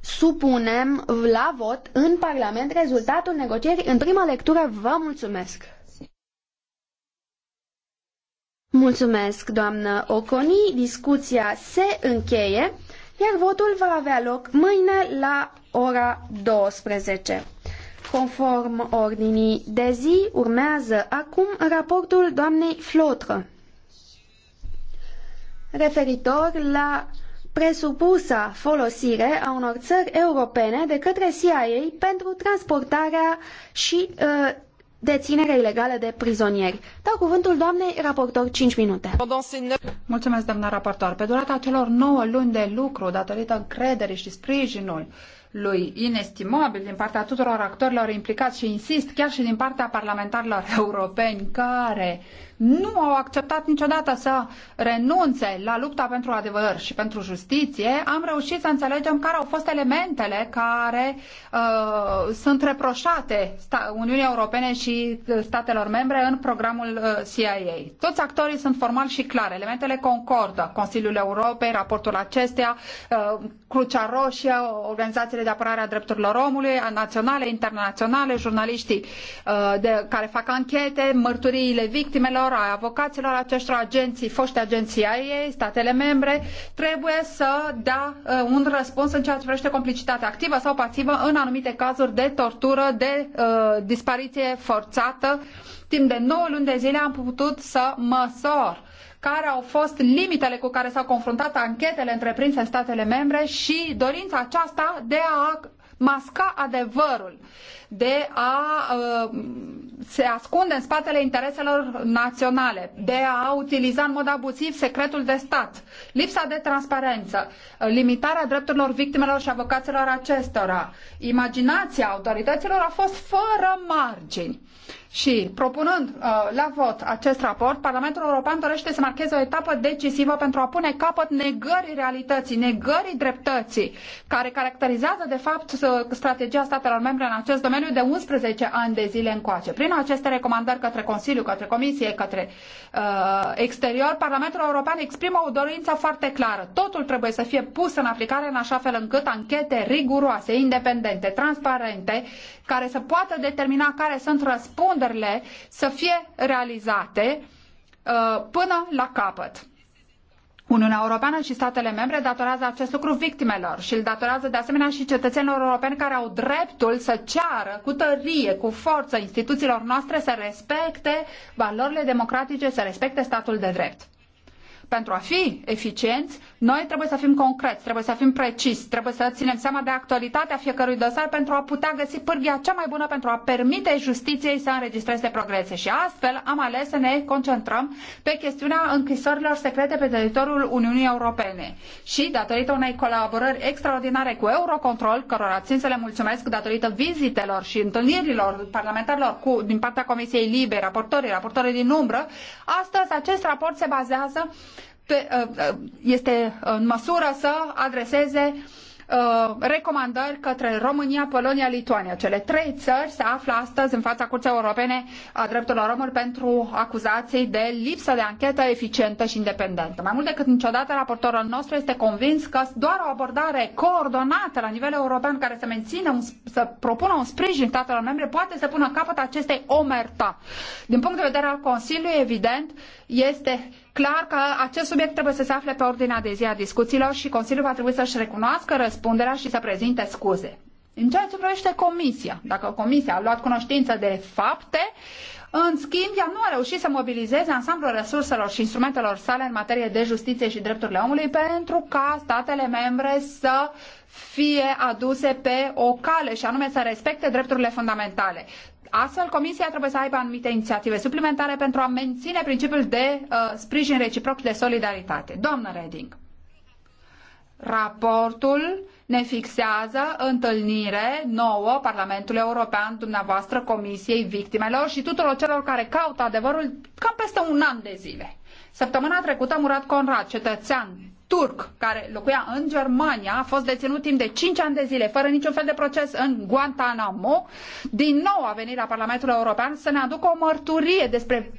supunem la vot în Parlament rezultatul negocierii în prima lectură. Vă mulțumesc! Mulțumesc, doamnă Oconi. Discuția se încheie, iar votul va avea loc mâine la ora 12. Conform ordinii de zi, urmează acum raportul doamnei Flotră referitor la presupusa folosire a unor țări europene de către CIA pentru transportarea și uh, deținere ilegală de prizonieri. Dau cuvântul doamnei raportor 5 minute. Mulțumesc, doamna raportor. Pe durata celor 9 luni de lucru, datorită încrederii și sprijinul lui inestimabil din partea tuturor actorilor implicați și insist chiar și din partea parlamentarilor europeni care uh, nu au acceptat niciodată să renunțe la lupta pentru adevăr și pentru justiție, am reușit să înțelegem care au fost elementele care uh, sunt reproșate Uniunii Europene și uh, statelor membre în programul uh, CIA. Toți actorii sunt formal și clar. Elementele concordă. Consiliul Europei, raportul acesteia, uh, Crucea Roșie, organizațiile de apărare a drepturilor omului, naționale, internaționale, jurnaliștii uh, de, care fac anchete, mărturiile victimelor, tuturor avocaților acestor agenții, foști agenții ei, statele membre, trebuie să dea uh, un răspuns în ceea ce privește complicitatea activă sau pasivă în anumite cazuri de tortură, de uh, dispariție forțată. Timp de 9 luni de zile am putut să măsor care au fost limitele cu care s-au confruntat anchetele întreprinse în statele membre și dorința aceasta de a masca adevărul de a uh, se ascunde în spatele intereselor naționale, de a utiliza în mod abuziv secretul de stat, lipsa de transparență, uh, limitarea drepturilor victimelor și avocaților acestora. Imaginația autorităților a fost fără margini. Și propunând uh, la vot acest raport, Parlamentul European dorește să marcheze o etapă decisivă pentru a pune capăt negării realității, negării dreptății, care caracterizează de fapt strategia statelor membre în acest domeniu domeniu de 11 ani de zile încoace. Prin aceste recomandări către Consiliu, către Comisie, către uh, exterior, Parlamentul European exprimă o dorință foarte clară. Totul trebuie să fie pus în aplicare în așa fel încât anchete riguroase, independente, transparente, care să poată determina care sunt răspunderile, să fie realizate uh, până la capăt. Uniunea Europeană și statele membre datorează acest lucru victimelor și îl datorează de asemenea și cetățenilor europeni care au dreptul să ceară cu tărie, cu forță instituțiilor noastre să respecte valorile democratice, să respecte statul de drept. Pentru a fi eficienți, noi trebuie să fim concreți, trebuie să fim precisi, trebuie să ținem seama de actualitatea fiecărui dosar pentru a putea găsi pârghia cea mai bună pentru a permite justiției să înregistreze progrese. Și astfel am ales să ne concentrăm pe chestiunea închisorilor secrete pe teritoriul Uniunii Europene. Și datorită unei colaborări extraordinare cu Eurocontrol, cărora țin să le mulțumesc datorită vizitelor și întâlnirilor parlamentarilor cu, din partea Comisiei Libe, raportorii, raportorii din umbră, astăzi acest raport se bazează Uh, uh, este în măsură să adreseze uh, recomandări către România, Polonia, Lituania. Cele trei țări se află astăzi în fața Curții Europene a Drepturilor Omului pentru acuzații de lipsă de anchetă eficientă și independentă. Mai mult decât niciodată, raportorul nostru este convins că doar o abordare coordonată la nivel european care să mențină, un, să propună un sprijin statelor membre poate să pună capăt acestei omerta. Din punct de vedere al Consiliului, evident, este clar că acest subiect trebuie să se afle pe ordinea de zi a discuțiilor și Consiliul va trebui să-și recunoască răspunderea și să prezinte scuze. În ceea ce privește comisia, dacă comisia a luat cunoștință de fapte, în schimb, ea nu a reușit să mobilizeze ansamblul resurselor și instrumentelor sale în materie de justiție și drepturile omului pentru ca statele membre să fie aduse pe o cale și anume să respecte drepturile fundamentale. Astfel, Comisia trebuie să aibă anumite inițiative suplimentare pentru a menține principiul de uh, sprijin reciproc de solidaritate. Doamnă Reding, raportul ne fixează întâlnire nouă Parlamentului European, dumneavoastră, Comisiei Victimelor și tuturor celor care caută adevărul cam peste un an de zile. Săptămâna trecută, Murat Conrad, cetățean turc care locuia în Germania, a fost deținut timp de 5 ani de zile, fără niciun fel de proces în Guantanamo, din nou a venit la Parlamentul European să ne aducă o mărturie despre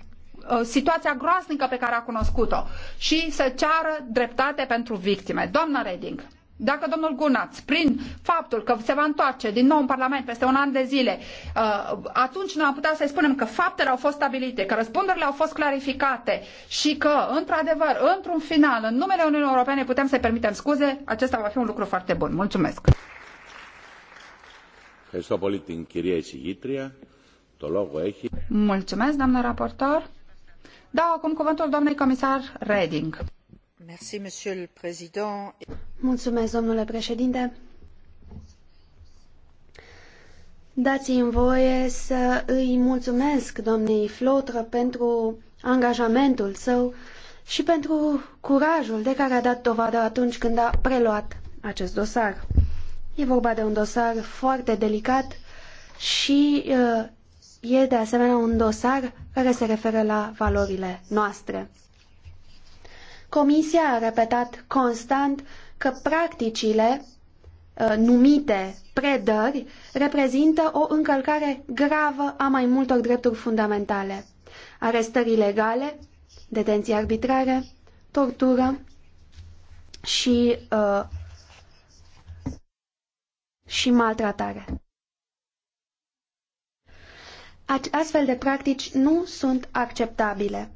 uh, situația groaznică pe care a cunoscut-o și să ceară dreptate pentru victime. Doamna Reding, dacă domnul Gunaț, prin faptul că se va întoarce din nou în Parlament peste un an de zile, uh, atunci noi am putea să-i spunem că faptele au fost stabilite, că răspunderile au fost clarificate și că, într-adevăr, într-un final, în numele Uniunii Europene putem să-i permitem scuze, acesta va fi un lucru foarte bun. Mulțumesc! Mulțumesc, doamnă raportor. Dau acum cuvântul doamnei comisar Reding dai domnule președinte. mi voie să îi mulțumesc domnei Flotră pentru angajamentul său și pentru curajul de care a dat dovadă atunci când a preluat acest dosar. E vorba de un dosar foarte delicat și uh, e de asemenea un dosar care se referă la valorile noastre. Comisia a repetat constant că practicile uh, numite predări reprezintă o încălcare gravă a mai multor drepturi fundamentale. Arestări ilegale, detenții arbitrare, tortură și, uh, și maltratare. Astfel de practici nu sunt acceptabile.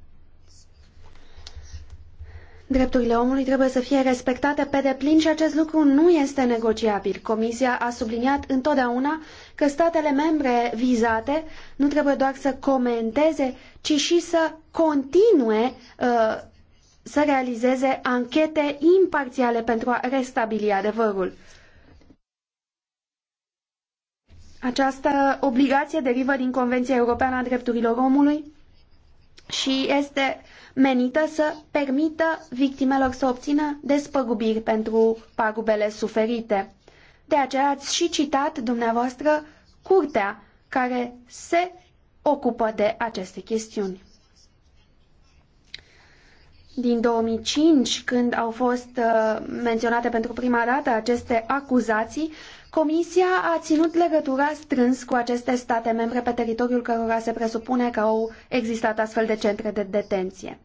Drepturile omului trebuie să fie respectate pe deplin și acest lucru nu este negociabil. Comisia a subliniat întotdeauna că statele membre vizate nu trebuie doar să comenteze, ci și să continue uh, să realizeze anchete imparțiale pentru a restabili adevărul. Această obligație derivă din Convenția Europeană a Drepturilor Omului și este menită să permită victimelor să obțină despăgubiri pentru pagubele suferite. De aceea ați și citat dumneavoastră curtea care se ocupă de aceste chestiuni. Din 2005, când au fost uh, menționate pentru prima dată aceste acuzații, Comisia a ținut legătura strâns cu aceste state membre pe teritoriul cărora se presupune că au existat astfel de centre de detenție.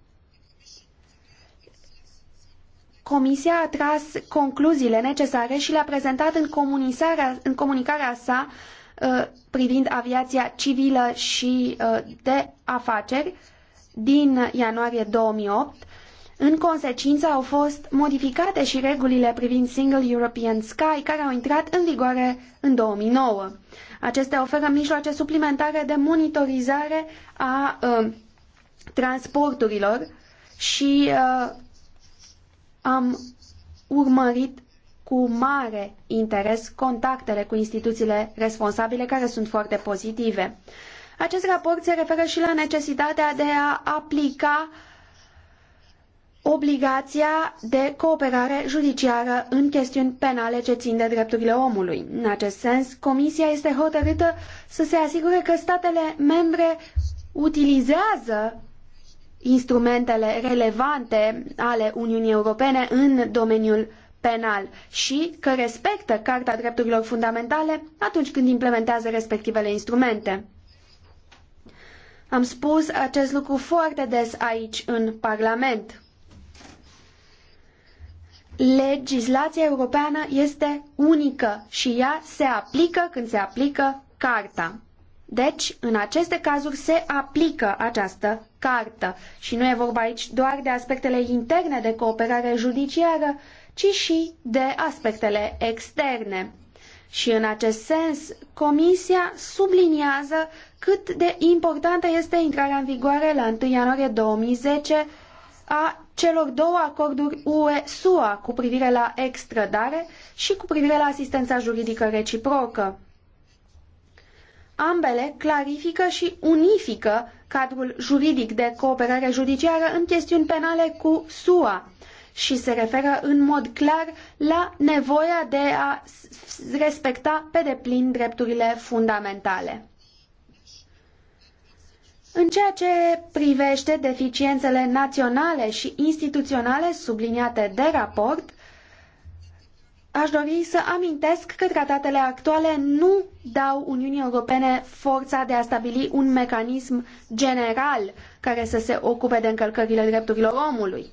Comisia a tras concluziile necesare și le-a prezentat în, în comunicarea sa uh, privind aviația civilă și uh, de afaceri din ianuarie 2008 în consecință au fost modificate și regulile privind Single European Sky, care au intrat în vigoare în 2009. Acestea oferă mijloace suplimentare de monitorizare a uh, transporturilor și uh, am urmărit cu mare interes contactele cu instituțiile responsabile care sunt foarte pozitive. Acest raport se referă și la necesitatea de a aplica uh, obligația de cooperare judiciară în chestiuni penale ce țin de drepturile omului. În acest sens, Comisia este hotărâtă să se asigure că statele membre utilizează instrumentele relevante ale Uniunii Europene în domeniul penal și că respectă Carta Drepturilor Fundamentale atunci când implementează respectivele instrumente. Am spus acest lucru foarte des aici, în Parlament legislația europeană este unică și ea se aplică când se aplică carta. Deci, în aceste cazuri se aplică această cartă și nu e vorba aici doar de aspectele interne de cooperare judiciară, ci și de aspectele externe. Și în acest sens, Comisia subliniază cât de importantă este intrarea în vigoare la 1 ianuarie 2010 a celor două acorduri UE-SUA cu privire la extrădare și cu privire la asistența juridică reciprocă. Ambele clarifică și unifică cadrul juridic de cooperare judiciară în chestiuni penale cu SUA și se referă în mod clar la nevoia de a respecta pe deplin drepturile fundamentale. În ceea ce privește deficiențele naționale și instituționale subliniate de raport, aș dori să amintesc că tratatele actuale nu dau Uniunii Europene forța de a stabili un mecanism general care să se ocupe de încălcările drepturilor omului.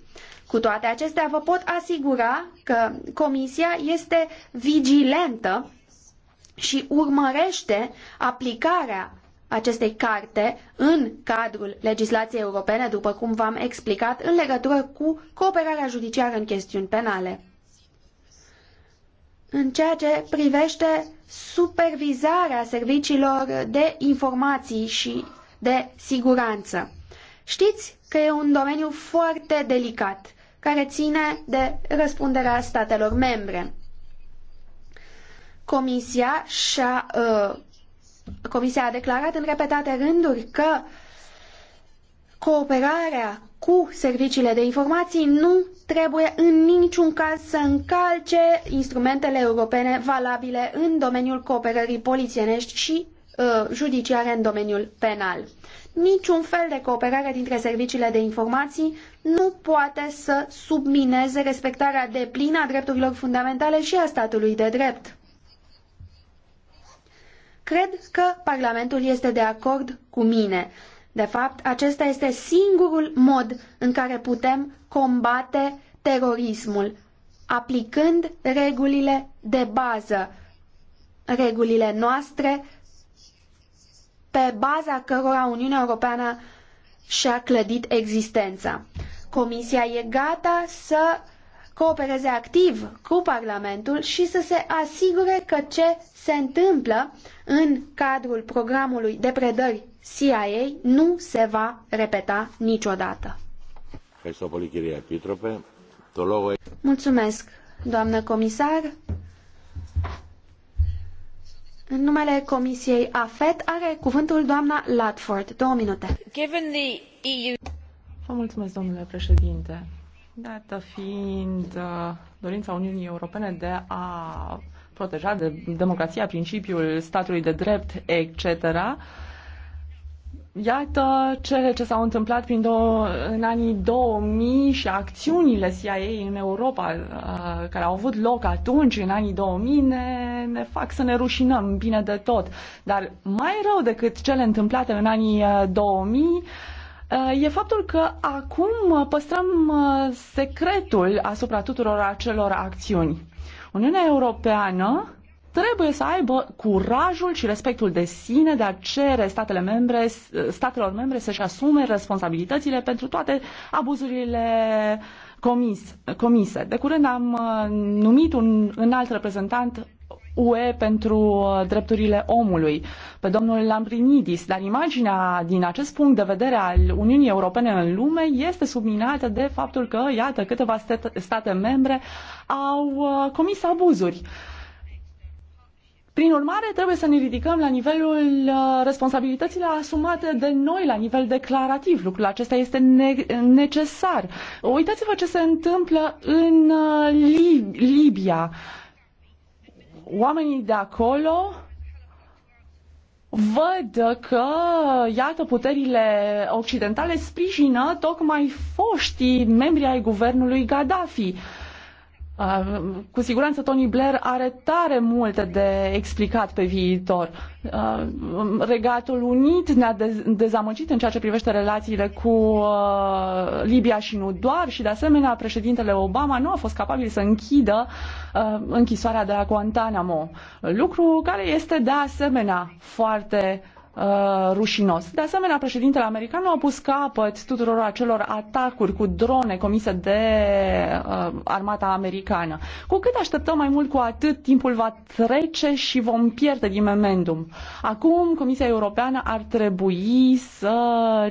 Cu toate acestea, vă pot asigura că Comisia este vigilentă și urmărește aplicarea acestei carte în cadrul legislației europene, după cum v-am explicat, în legătură cu cooperarea judiciară în chestiuni penale. În ceea ce privește supervizarea serviciilor de informații și de siguranță. Știți că e un domeniu foarte delicat, care ține de răspunderea statelor membre. Comisia și-a uh, Comisia a declarat în repetate rânduri că cooperarea cu serviciile de informații nu trebuie în niciun caz să încalce instrumentele europene valabile în domeniul cooperării polițienești și uh, judiciare în domeniul penal. Niciun fel de cooperare dintre serviciile de informații nu poate să submineze respectarea deplină a drepturilor fundamentale și a statului de drept. Cred că Parlamentul este de acord cu mine. De fapt, acesta este singurul mod în care putem combate terorismul, aplicând regulile de bază, regulile noastre pe baza cărora Uniunea Europeană și-a clădit existența. Comisia e gata să coopereze activ cu Parlamentul și să se asigure că ce se întâmplă în cadrul programului de predări CIA nu se va repeta niciodată. Mulțumesc, doamnă comisar. În numele Comisiei AFET are cuvântul doamna Latford. Două minute. Vă mulțumesc, domnule președinte. Dată fiind uh, dorința Uniunii Europene de a proteja de democrația, principiul statului de drept, etc., Iată cele ce s-au întâmplat prin în anii 2000 și acțiunile CIA în Europa uh, care au avut loc atunci, în anii 2000, ne, ne fac să ne rușinăm bine de tot. Dar mai rău decât cele întâmplate în anii 2000, uh, Uh, e faptul că acum uh, păstrăm uh, secretul asupra tuturor acelor acțiuni. Uniunea Europeană trebuie să aibă curajul și respectul de sine de a cere statele membre, statelor membre să-și asume responsabilitățile pentru toate abuzurile comis, comise. De curând am numit un, un alt reprezentant UE pentru uh, drepturile omului, pe domnul Lambrinidis, dar imaginea din acest punct de vedere al Uniunii Europene în lume este subminată de faptul că, iată, câteva state membre au uh, comis abuzuri. Prin urmare, trebuie să ne ridicăm la nivelul uh, responsabilităților asumate de noi la nivel declarativ. Lucrul acesta este ne- necesar. Uitați-vă ce se întâmplă în Lib- Libia oamenii de acolo văd că, iată, puterile occidentale sprijină tocmai foștii membri ai guvernului Gaddafi. Ah, cu siguranță Tony Blair are tare multe de explicat pe viitor. Ah, Regatul Unit ne-a dezamăgit în ceea ce privește relațiile cu ah, Libia și nu doar și de asemenea președintele Obama nu a fost capabil să închidă închisoarea de la Guantanamo, lucru care este de asemenea foarte uh, uh, rușinos. De asemenea, președintele american nu a pus capăt tuturor acelor atacuri cu drone comise de uh, armata americană. Cu cât așteptăm mai mult, cu atât timpul va trece și vom pierde din memendum. Acum, Comisia Europeană ar trebui să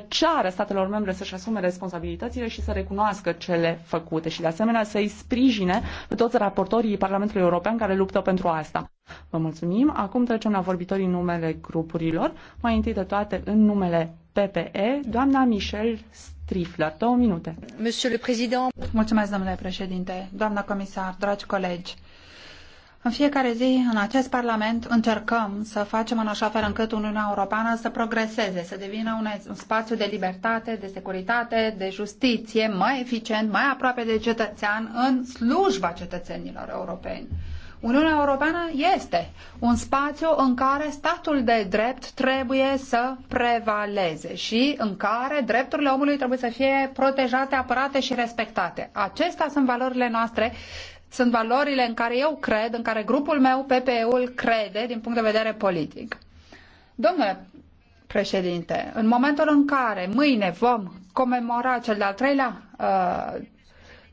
ceară statelor membre să-și asume responsabilitățile și să recunoască cele făcute și, de asemenea, să-i sprijine pe toți raportorii Parlamentului European care luptă pentru asta. Vă mulțumim. Acum trecem la vorbitorii numele grupurilor. Mai întâi de toate, în numele PPE, doamna Michel Strifler. Două minute. Monsieur le Président. Mulțumesc, domnule președinte, doamna comisar, dragi colegi. În fiecare zi, în acest Parlament, încercăm să facem în așa fel încât Uniunea Europeană să progreseze, să devină un, un spațiu de libertate, de securitate, de justiție, mai eficient, mai aproape de cetățean, în slujba cetățenilor europeni. Uniunea Europeană este un spațiu în care statul de drept trebuie să prevaleze și în care drepturile omului trebuie să fie protejate, apărate și respectate. Acestea sunt valorile noastre sunt valorile în care eu cred, în care grupul meu, PPE-ul, crede din punct de vedere politic. Domnule președinte, în momentul în care mâine vom comemora cel de-al treilea, uh,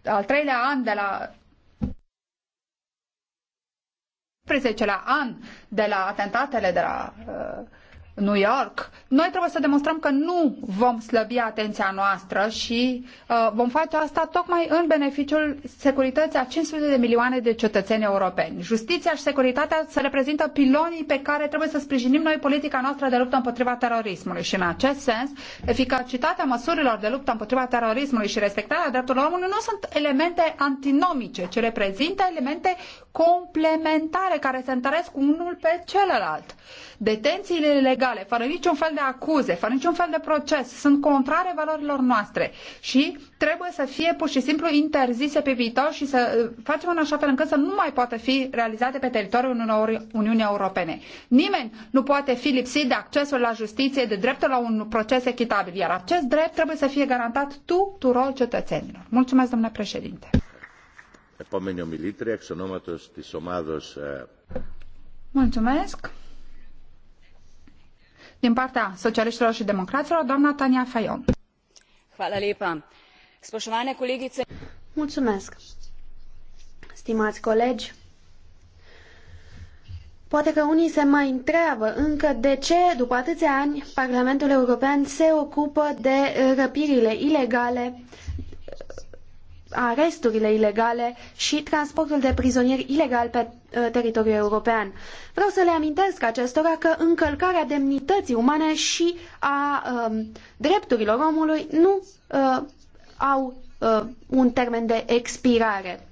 al treilea an de la 18-lea an de la atentatele de la uh, New York, noi trebuie să demonstrăm că nu vom slăbi atenția noastră și uh, vom face asta tocmai în beneficiul securității a 500 de milioane de cetățeni europeni. Justiția și securitatea se reprezintă pilonii pe care trebuie să sprijinim noi politica noastră de luptă împotriva terorismului și în acest sens, eficacitatea măsurilor de luptă împotriva terorismului și respectarea drepturilor omului nu sunt elemente antinomice, ci reprezintă elemente complementare care se întăresc unul pe celălalt. Detențiile ilegale, fără niciun fel de acuze, fără niciun fel de proces, sunt contrare valorilor noastre și trebuie să fie pur și simplu interzise pe viitor și să uh, facem în așa fel încât să nu mai poată fi realizate pe teritoriul Uniunii Europene. Nimeni nu poate fi lipsit de accesul la justiție, de dreptul la un proces echitabil, iar acest drept trebuie să fie garantat tuturor cetățenilor. Mulțumesc, domnule președinte. Uh, Mulțumesc. Din partea socialiștilor și democraților, doamna Tania Fajon. Hvala lepa. Spoșovane colegițe... Mulțumesc. Stimați colegi, Poate că unii se mai întreabă încă de ce, după atâția ani, Parlamentul European se ocupă de răpirile ilegale aresturile ilegale și transportul de prizonieri ilegal pe uh, teritoriul european. Vreau să le amintesc acestora că încălcarea demnității umane și a um, drepturilor omului nu uh, au uh, un termen de expirare.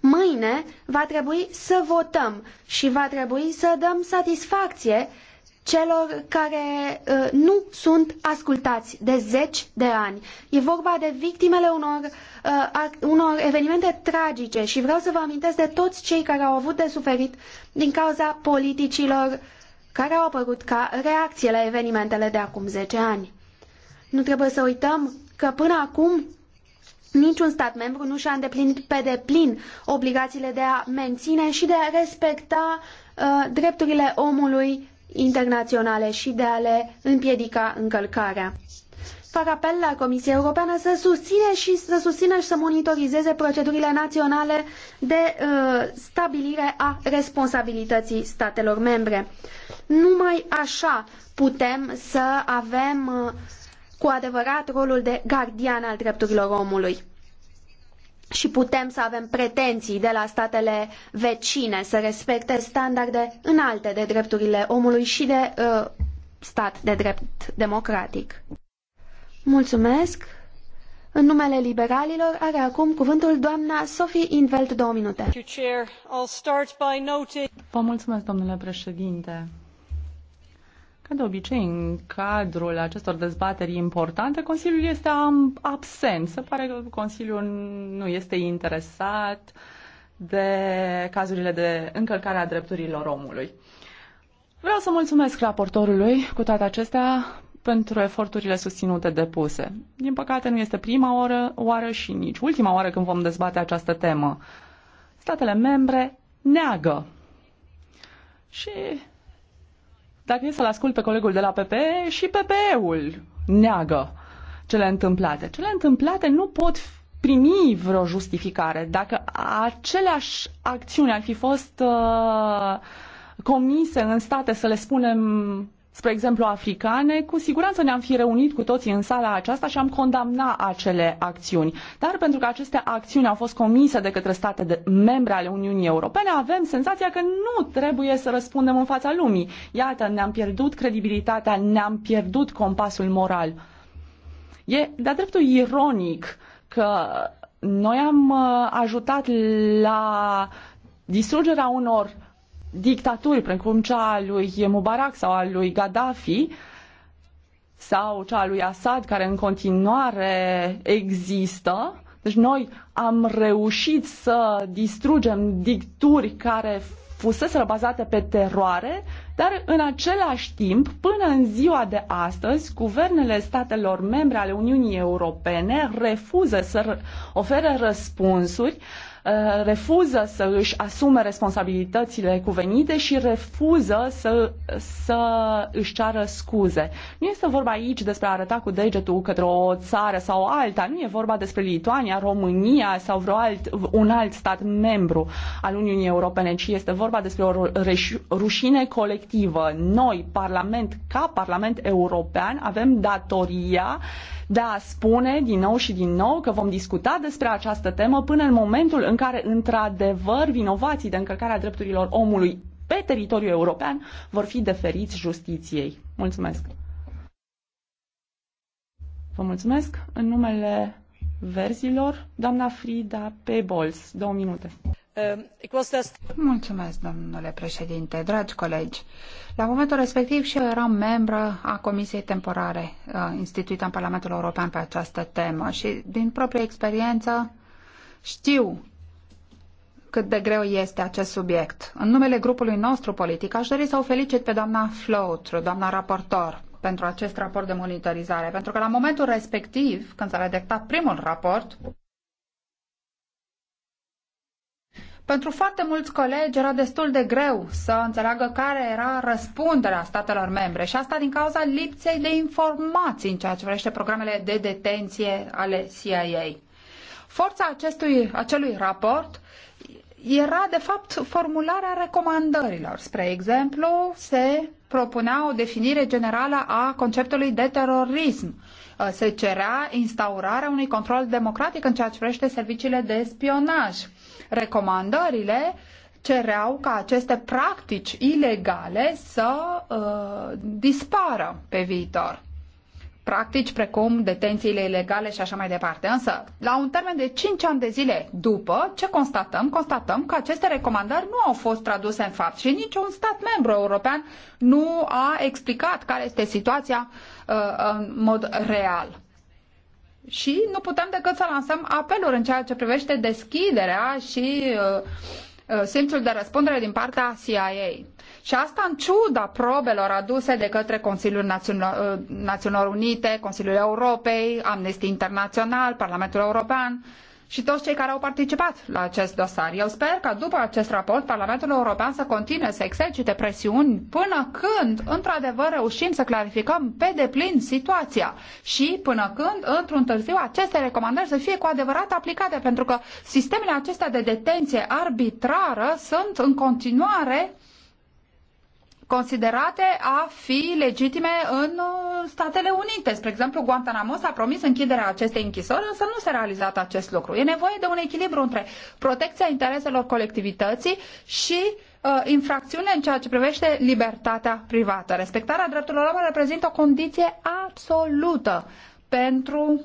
Mâine va trebui să votăm și va trebui să dăm satisfacție uh, celor care uh, nu sunt ascultați de zeci de ani. E vorba de victimele unor, uh, unor evenimente tragice și vreau să vă amintesc de toți cei care au avut de suferit din cauza politicilor care au apărut ca reacție la evenimentele de acum zece ani. Nu trebuie să uităm că până acum niciun stat membru nu și-a îndeplinit pe deplin obligațiile de a menține și de a respecta uh, drepturile omului internaționale și de a le împiedica încălcarea. Fac apel la Comisia Europeană să susține și să susțină și să monitorizeze procedurile naționale de uh, stabilire a responsabilității statelor membre. Numai așa putem să avem uh, cu adevărat rolul de gardian al drepturilor omului și putem să avem pretenții de la statele vecine să respecte standarde înalte de drepturile omului și de uh, stat de drept democratic. Mulțumesc! În numele liberalilor are acum cuvântul doamna Sophie Invelt două minute. Vă mulțumesc, domnule președinte. Ca de obicei, în cadrul acestor dezbateri importante, Consiliul este absent. Se pare că Consiliul nu este interesat de cazurile de încălcare a drepturilor omului. Vreau să mulțumesc raportorului, cu toate acestea, pentru eforturile susținute depuse. Din păcate, nu este prima oară, oară și nici ultima oară când vom dezbate această temă. Statele membre neagă. Și dacă e să-l ascult pe colegul de la PP și pp ul neagă cele întâmplate. Cele întâmplate nu pot primi vreo justificare. Dacă aceleași acțiuni ar fi fost uh, comise în state, să le spunem, spre exemplu, africane, cu siguranță ne-am fi reunit cu toții în sala aceasta și am condamna acele acțiuni. Dar pentru că aceste acțiuni au fost comise de către state de membre ale Uniunii Europene, avem senzația că nu trebuie să răspundem în fața lumii. Iată, ne-am pierdut credibilitatea, ne-am pierdut compasul moral. E de-a dreptul ironic că noi am uh, ajutat la distrugerea unor dictaturi, precum cea a lui Mubarak sau a lui Gaddafi, sau cea a lui Assad, care în continuare există. Deci noi am reușit să distrugem dicturi care fuseseră bazate pe teroare, dar în același timp, până în ziua de astăzi, guvernele statelor membre ale Uniunii Europene refuză să ofere răspunsuri uh, Uh, refuză să își asume responsabilitățile cuvenite și refuză să, să își ceară scuze. Nu este vorba aici despre a arăta cu degetul către o țară sau alta, nu e vorba despre Lituania, România sau vreo alt, un alt stat membru al Uniunii Europene, ci este vorba despre o rușine colectivă. Noi, Parlament, ca Parlament European, avem datoria de a spune din nou și din nou că vom discuta despre această temă până în momentul în care, într-adevăr, vinovații de încălcarea drepturilor omului pe teritoriul european vor fi deferiți justiției. Mulțumesc! Vă mulțumesc în numele verzilor, doamna Frida Pebols, două minute. Um, Mulțumesc, domnule președinte, dragi colegi. La momentul respectiv și eu eram membră a Comisiei Temporare uh, instituită în Parlamentul European pe această temă și din proprie experiență știu cât de greu este acest subiect. În numele grupului nostru politic aș dori să o felicit pe doamna Floutru, doamna raportor, pentru acest raport de monitorizare, pentru că la momentul respectiv, când s-a redactat primul raport, Pentru foarte mulți colegi era destul de greu să înțeleagă care era răspunderea statelor membre și asta din cauza lipsei de informații în ceea ce privește programele de detenție ale CIA. Forța acestui, acelui raport era, de fapt, formularea recomandărilor. Spre exemplu, se propunea o definire generală a conceptului de terorism. Se cerea instaurarea unui control democratic în ceea ce privește serviciile de spionaj Recomandările cereau ca aceste practici ilegale să uh, dispară pe viitor. Practici precum detențiile ilegale și așa mai departe. Însă, la un termen de 5 ani de zile după, ce constatăm? Constatăm că aceste recomandări nu au fost traduse în fapt și niciun stat membru european nu a explicat care este situația uh, în mod real și nu putem decât să lansăm apeluri în ceea ce privește deschiderea și uh, uh simțul de răspundere din partea CIA. Și asta în ciuda probelor aduse de către Consiliul Națiunilor, uh, Unite, Consiliul Europei, Amnesty Internațional, Parlamentul European, uh, și toți cei care au participat la acest dosar. Eu sper că după acest raport Parlamentul European să continue să exercite presiuni până când, într-adevăr, reușim să clarificăm pe deplin situația și până când, într-un târziu, aceste recomandări să fie cu adevărat aplicate, pentru că sistemele acestea de detenție arbitrară sunt în continuare considerate a fi legitime în uh, Statele Unite. Spre exemplu, Guantanamo s-a promis închiderea acestei închisori, însă nu s-a realizat acest lucru. E nevoie de un echilibru între protecția intereselor colectivității și uh, infracțiune în ceea ce privește libertatea privată. Respectarea drepturilor omului reprezintă o condiție absolută pentru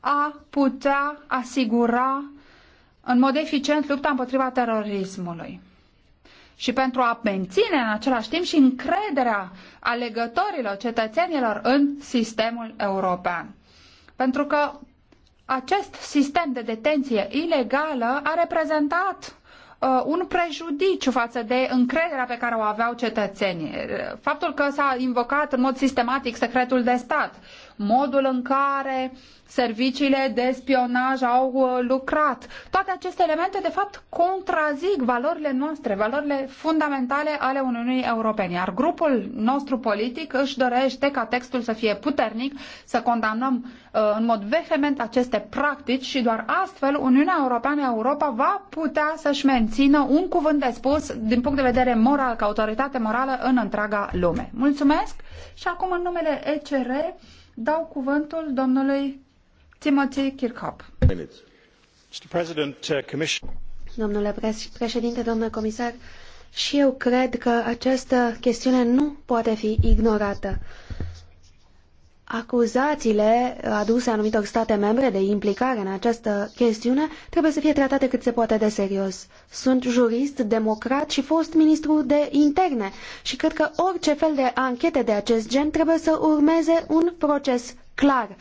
a putea asigura în mod eficient lupta împotriva terorismului și pentru a menține în același timp și încrederea alegătorilor, cetățenilor în sistemul european. Pentru că acest sistem de detenție ilegală a reprezentat uh, un prejudiciu față de încrederea pe care o aveau cetățenii. Uh, faptul că s-a invocat în mod sistematic secretul de stat, modul în care serviciile de spionaj au uh, lucrat. Toate aceste elemente, de fapt, contrazic valorile noastre, valorile fundamentale ale Uniunii Europene. Iar grupul nostru politic își dorește ca textul să fie puternic, să condamnăm uh, în mod vehement aceste practici și doar astfel Uniunea Europeană, Europa va putea să-și mențină un cuvânt de spus din punct de vedere moral, ca autoritate morală în întreaga lume. Mulțumesc și acum în numele ECR dau cuvântul domnului Timothy Kirchhoff. Domnule președinte, domnule comisar, și eu cred că această chestiune nu poate fi ignorată acuzațiile aduse anumitor state membre de implicare în această chestiune trebuie să fie tratate cât se poate de serios. Sunt jurist, democrat și fost ministru de interne și cred că orice fel de anchete de acest gen trebuie să urmeze un proces clar.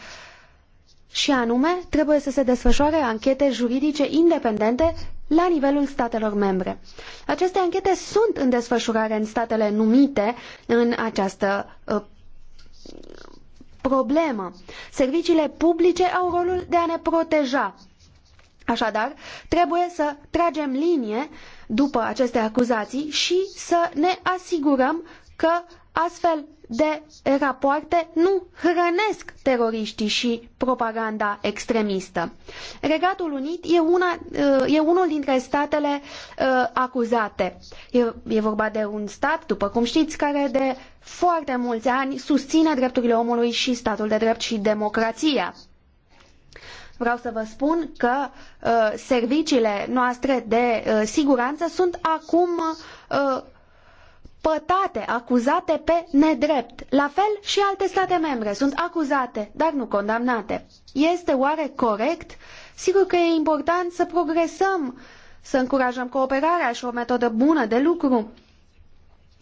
Și anume, trebuie să se desfășoare anchete juridice independente la nivelul statelor membre. Aceste anchete sunt în desfășurare în statele numite în această uh, problemă. Serviciile publice au rolul de a ne proteja. Așadar, trebuie să tragem linie după aceste acuzații și să ne asigurăm că astfel de rapoarte nu hrănesc teroriștii și propaganda extremistă. Regatul Unit e, una, e unul dintre statele uh, acuzate. E, e vorba de un stat, după cum știți, care de foarte mulți ani susține drepturile omului și statul de drept și democrația. Vreau să vă spun că uh, serviciile noastre de uh, siguranță sunt acum uh, pătate, acuzate pe nedrept. La fel și alte state membre sunt acuzate, dar nu condamnate. Este oare corect? Sigur că e important să progresăm, să încurajăm cooperarea și o metodă bună de lucru.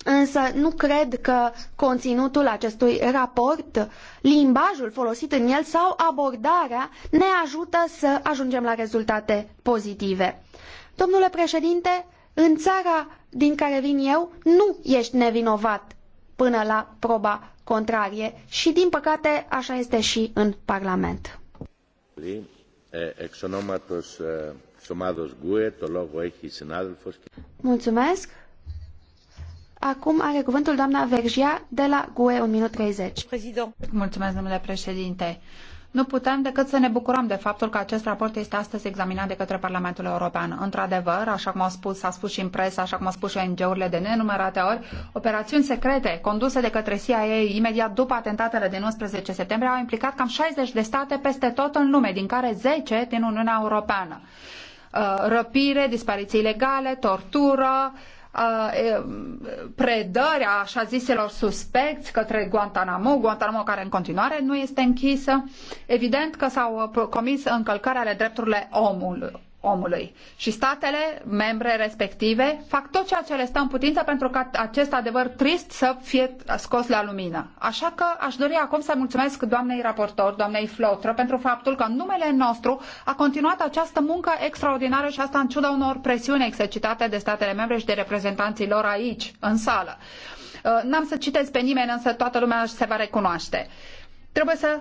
Însă nu cred că conținutul acestui raport, limbajul folosit în el sau abordarea ne ajută să ajungem la rezultate pozitive. Domnule președinte, în țara din care vin eu, nu ești nevinovat până la proba contrarie și, din păcate, așa este și în Parlament. Eh, Mulțumesc. Acum are cuvântul doamna Vergia de la GUE 1 minut 30. Mulțumesc, domnule președinte nu putem decât să ne bucurăm de faptul că acest raport este astăzi examinat de către Parlamentul European. Într-adevăr, așa cum au spus, s-a spus și în presă, așa cum au spus și ONG-urile de nenumărate ori, operațiuni secrete conduse de către CIA imediat după atentatele din 11 septembrie au implicat cam 60 de state peste tot în lume, din care 10 din Uniunea Europeană. Uh, răpire, dispariții ilegale, tortură, predări a așa ziselor suspecți către Guantanamo, Guantanamo care în continuare nu este închisă. Evident că s-au comis uh, încălcări ale drepturilor omului omului. Și statele membre respective fac tot ceea ce le stă în putință pentru ca acest adevăr trist să fie scos la lumină. Așa că aș dori acum să mulțumesc doamnei raportor, doamnei Flotră, pentru faptul că în numele nostru a continuat această muncă extraordinară și asta în ciuda unor presiuni exercitate de statele membre și de reprezentanții lor aici, în sală. Uh, n-am să citez pe nimeni, însă toată lumea se va recunoaște. Trebuie să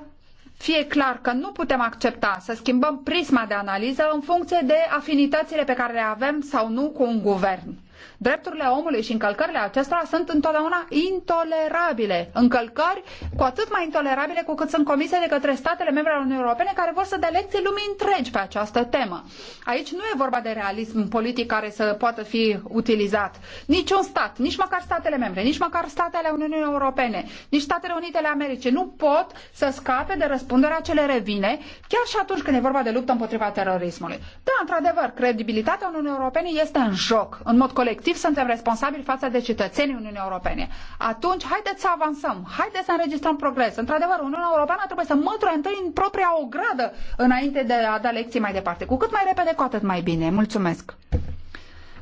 fie clar că nu putem accepta să schimbăm prisma de analiză în funcție de afinitățile pe care le avem sau nu cu un guvern. Drepturile omului și încălcările acestora sunt întotdeauna intolerabile. Încălcări cu atât mai intolerabile cu cât sunt comise de către statele membre ale Uniunii Europene care vor să dea lecții lumii întregi pe această temă. Aici nu e vorba de realism politic care să poată fi utilizat. Niciun stat, nici măcar statele membre, nici măcar statele Uniunii Europene, nici Statele Unite ale Americii nu pot să scape de răspunderea ce le revine, chiar și atunci când e vorba de luptă împotriva terorismului. Da, într-adevăr, credibilitatea Uniunii Europene este în joc, în mod colectiv colectiv suntem responsabili față de cetățenii Uniunii Europene. Atunci, haideți să avansăm, haideți să înregistrăm progres. Într-adevăr, Uniunea Europeană trebuie să măture întâi în propria ogradă înainte de a da lecții mai departe. Cu cât mai repede, cu atât mai bine. Mulțumesc.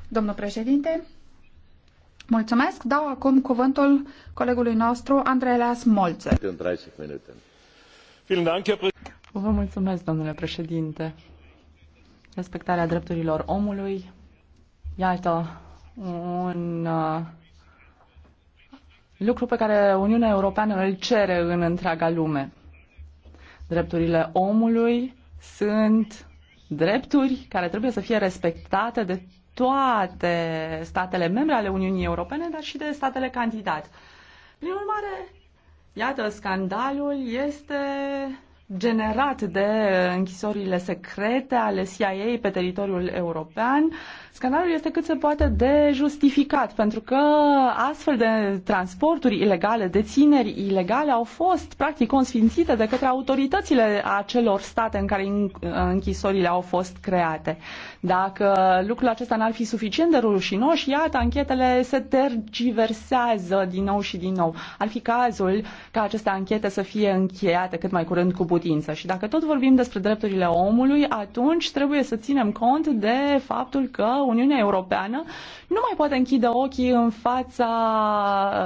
Domnul președinte, mulțumesc. Dau acum cuvântul colegului nostru, Andreas Molzer. Vă mulțumesc, domnule președinte. Respectarea drepturilor omului, iată un uh, lucru pe care Uniunea Europeană îl cere în întreaga lume. Drepturile omului sunt drepturi care trebuie să fie respectate de toate statele membre ale Uniunii Europene, dar și de statele candidat. Prin urmare, iată, scandalul este generat de închisorile secrete ale CIA pe teritoriul european, scandalul este cât se poate de justificat, pentru că astfel de transporturi ilegale, dețineri ilegale au fost practic consfințite de către autoritățile acelor state în care închisorile au fost create. Dacă lucrul acesta n-ar fi suficient de rușinos, iată, anchetele se tergiversează din nou și din nou. Ar fi cazul ca aceste anchete să fie încheiate cât mai curând cu putință putință. Și dacă tot vorbim despre drepturile omului, atunci trebuie să ținem cont de faptul că Uniunea Europeană nu mai poate închide ochii în fața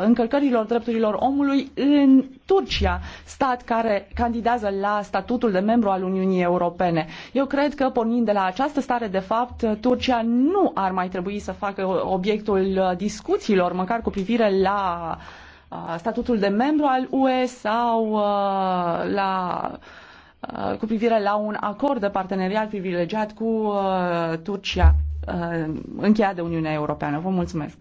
încălcărilor drepturilor omului în Turcia, stat care candidează la statutul de membru al Uniunii Europene. Eu cred că, pornind de la această stare de fapt, Turcia nu ar mai trebui să facă obiectul discuțiilor, măcar cu privire la uh, statutul de membru al UE sau la cu privire la un acord de parteneriat privilegiat cu Turcia încheiat de Uniunea Europeană. Vă mulțumesc!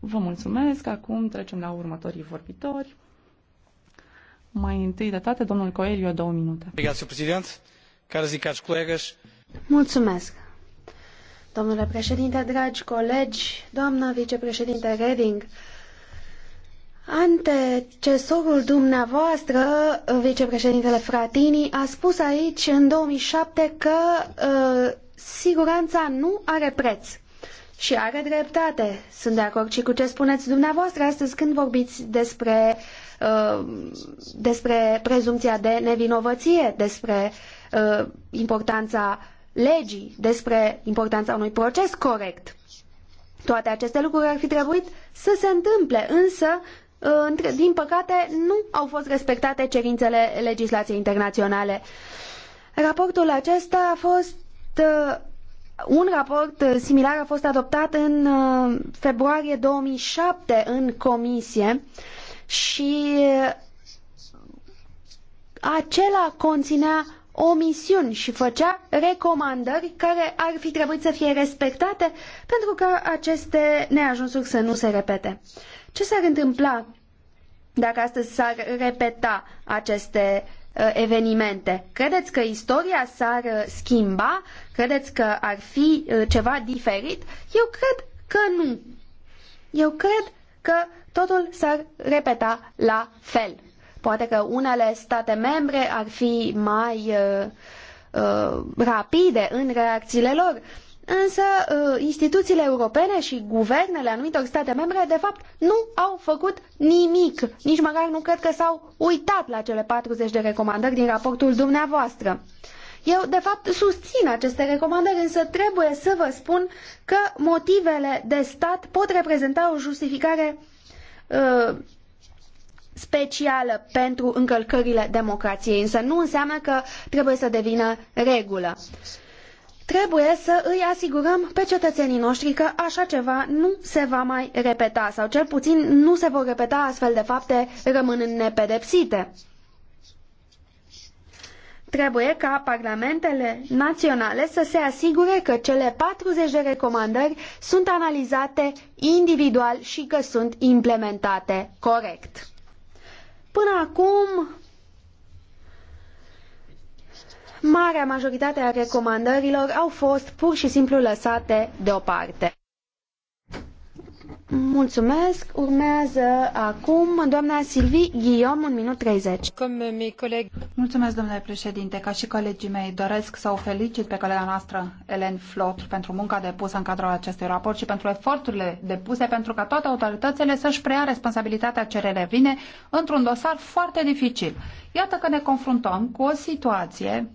Vă mulțumesc! Acum trecem la următorii vorbitori. Mai întâi de toate, domnul Coelho, două minute. Mulțumesc! Domnule președinte, dragi colegi, doamnă vicepreședinte Reding, antecesorul dumneavoastră, vicepreședintele Fratini, a spus aici în 2007 că uh, siguranța nu are preț. Și are dreptate. Sunt de acord și cu ce spuneți dumneavoastră astăzi când vorbiți despre, uh, despre prezumția de nevinovăție, despre uh, importanța uh, legii, despre importanța unui proces corect. Toate aceste lucruri ar fi trebuit să se întâmple, însă, din păcate, nu au fost respectate cerințele legislației internaționale. Raportul acesta a fost uh, un raport similar a fost adoptat în uh, februarie 2007 în comisie și uh, acela conținea omisiuni și făcea recomandări care ar fi trebuit să fie respectate pentru că aceste neajunsuri să nu se repete. Ce s-ar întâmpla dacă astăzi s-ar repeta aceste uh, evenimente. Credeți că istoria s-ar uh, schimba? Credeți că ar fi uh, ceva diferit? Eu cred că nu. Eu cred că totul s-ar repeta la fel. Poate că unele state membre ar fi mai uh, uh, rapide în reacțiile lor, însă uh, instituțiile europene și guvernele anumitor state membre, de fapt, nu au făcut nimic. Nici măcar nu cred că s-au uitat la cele 40 de recomandări din raportul dumneavoastră. Eu, de fapt, susțin aceste recomandări, însă trebuie să vă spun că motivele de stat pot reprezenta o justificare uh, specială pentru încălcările democrației, însă nu înseamnă că trebuie să devină regulă. Trebuie să îi asigurăm pe cetățenii noștri că așa ceva nu se va mai repeta sau cel puțin nu se vor repeta astfel de fapte rămânând nepedepsite. Trebuie ca parlamentele naționale să se asigure că cele 40 de recomandări sunt analizate individual și că sunt implementate corect. Până acum, marea majoritate a recomandărilor au fost pur și simplu lăsate deoparte. Mulțumesc. Urmează acum doamna Silvi Ghiom, un minut 30. Mulțumesc, domnule președinte. Ca și colegii mei, doresc să o felicit pe colega noastră, Elen Flotr, pentru munca depusă în cadrul acestui raport și pentru eforturile depuse pentru ca toate autoritățile să-și preia responsabilitatea ce revine într-un dosar foarte dificil. Iată că ne confruntăm cu o situație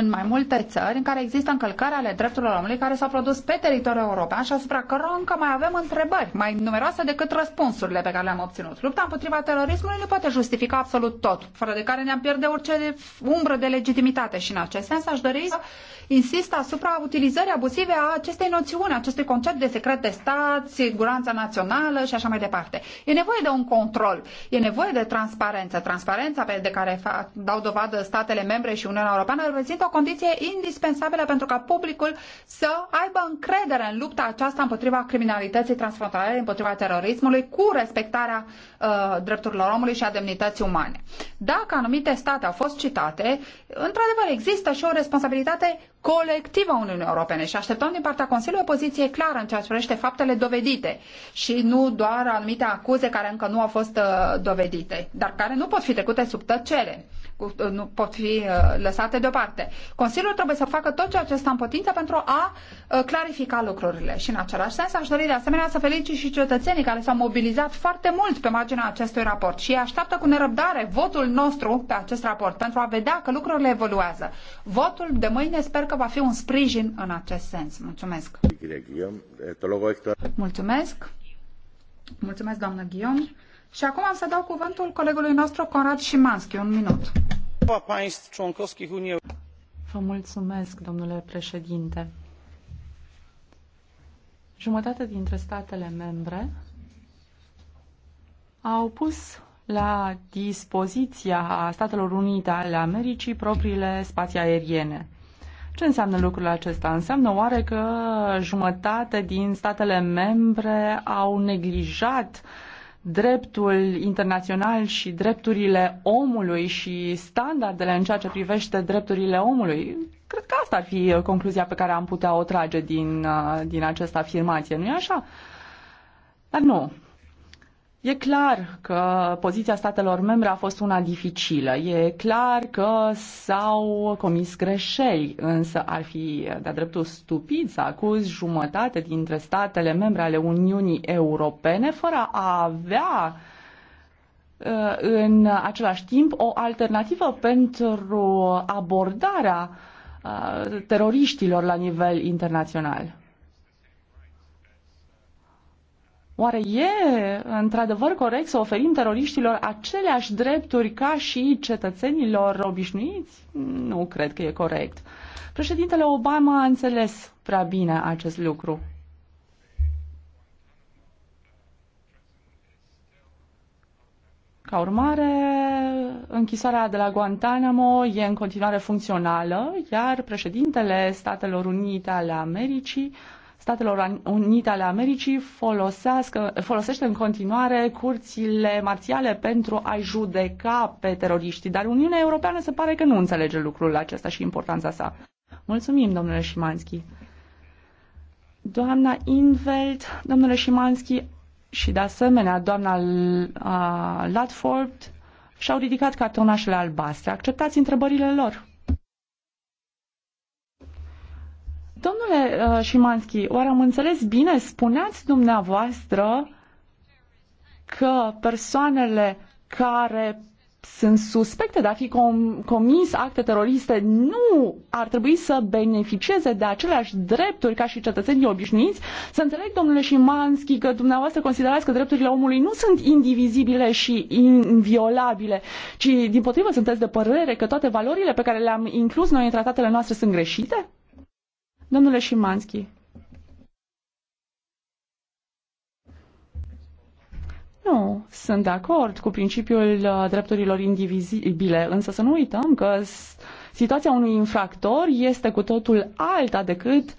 în mai multe țări în care există încălcări ale drepturilor omului care s-au produs pe teritoriul european și asupra cărora încă mai avem întrebări mai numeroase decât răspunsurile pe care le-am obținut. Lupta împotriva terorismului nu poate justifica absolut tot, fără de care ne-am pierde orice umbră de legitimitate și în acest sens aș dori să insist asupra utilizării abuzive a acestei noțiuni, acestui concept de secret de stat, siguranța națională și așa mai departe. E nevoie de un control, e nevoie de transparență. Transparența pe de care dau dovadă statele membre și Uniunea Europeană reprezintă o condiție indispensabilă pentru ca publicul să aibă încredere în lupta aceasta împotriva criminalității transfrontaliere, împotriva terorismului, cu respectarea uh, drepturilor omului și a demnității umane. Dacă anumite state au fost citate, într-adevăr există și o responsabilitate colectivă a Uniunii Europene și așteptăm din partea Consiliului o poziție clară în ceea ce privește faptele dovedite și nu doar anumite acuze care încă nu au fost uh, dovedite, dar care nu pot fi trecute sub tăcere. Uh, nu pot fi uh, lăsate deoparte. Consiliul trebuie să facă tot ceea ce stă în potință pentru a uh, clarifica lucrurile. Și în același sens aș dori de asemenea să felicit și cetățenii care s-au mobilizat foarte mult pe marginea acestui raport și așteaptă cu nerăbdare votul nostru pe acest raport pentru a vedea că lucrurile evoluează. Votul de mâine sper că va fi un sprijin în acest sens. Mulțumesc! Mulțumesc! Mulțumesc, doamnă Ghion. Și acum am să dau cuvântul colegului nostru Conrad Șimanschi. Un minut państw mulțumesc, domnule președinte. Jumătate dintre statele membre au pus la dispoziția Statelor Unite ale Americii propriile spații aeriene. Ce înseamnă lucrul acesta? Înseamnă oare că jumătate din statele membre au neglijat uh, dreptul internațional și drepturile omului și standardele în ceea ce privește drepturile omului. Cred că asta ar fi uh, concluzia pe care am putea o trage din, uh, din această afirmație, nu-i așa? Dar nu, E clar că poziția statelor membre a fost una dificilă. E clar că s-au comis greșeli, însă ar fi de-a dreptul stupid să acuz jumătate dintre statele membre ale Uniunii Europene fără a avea uh, în același timp o alternativă pentru abordarea uh, teroriștilor la nivel internațional. Oare e într-adevăr corect să oferim teroriștilor aceleași drepturi ca și cetățenilor obișnuiți? Nu cred că e corect. Președintele Obama a înțeles prea bine acest lucru. Ca urmare, închisoarea de la Guantanamo e în continuare funcțională, iar președintele Statelor Unite ale Americii Statelor Unite ale Americii folosește în continuare curțile marțiale pentru a-i judeca pe teroriști, dar Uniunea Europeană se pare că nu înțelege lucrul acesta și importanța sa. Mulțumim, domnule Șimanski. Doamna Invelt, domnule Șimanski și de asemenea doamna uh, Latford și-au ridicat cartonașele albastre. Acceptați întrebările lor. Domnule uh, Șimanski, oare am înțeles bine? Spuneați dumneavoastră că persoanele care sunt suspecte de a fi com- comis acte teroriste nu ar trebui să beneficieze de aceleași drepturi ca și cetățenii obișnuiți. Să înțeleg, domnule Șimanski, că dumneavoastră considerați că drepturile omului nu sunt indivizibile și inviolabile, ci din potrivă sunteți de părere că toate valorile pe care le-am inclus noi în tratatele noastre sunt greșite? Domnule Șimanski. Nu, sunt de acord cu principiul uh, drepturilor indivizibile, însă să nu uităm că situația unui infractor este cu totul alta decât